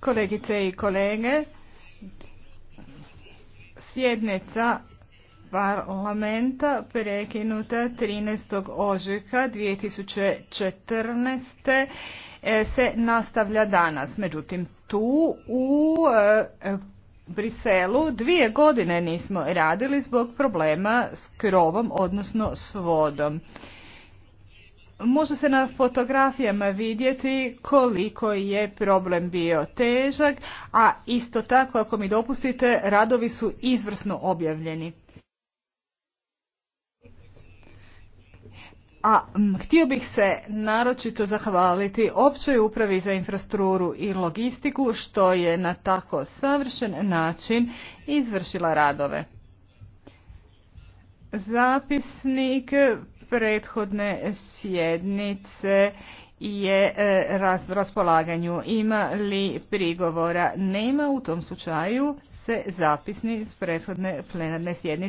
Kolegice i kolege, sjednica parlamenta prekinuta 13. ožujka 2014. E, se nastavlja danas. Međutim, tu u e, Briselu dvije godine nismo radili zbog problema s krovom, odnosno s vodom. Može se na fotografijama vidjeti koliko je problem bio težak, a isto tako, ako mi dopustite, radovi su izvrsno objavljeni. A htio bih se naročito zahvaliti općoj upravi za infrastrukturu i logistiku što je na tako savršen način izvršila radove. Zapisnik prethodne sjednice je e, raspolaganju. Ima li prigovora? Nema. U tom slučaju se zapisni s prethodne plenarne sjednice.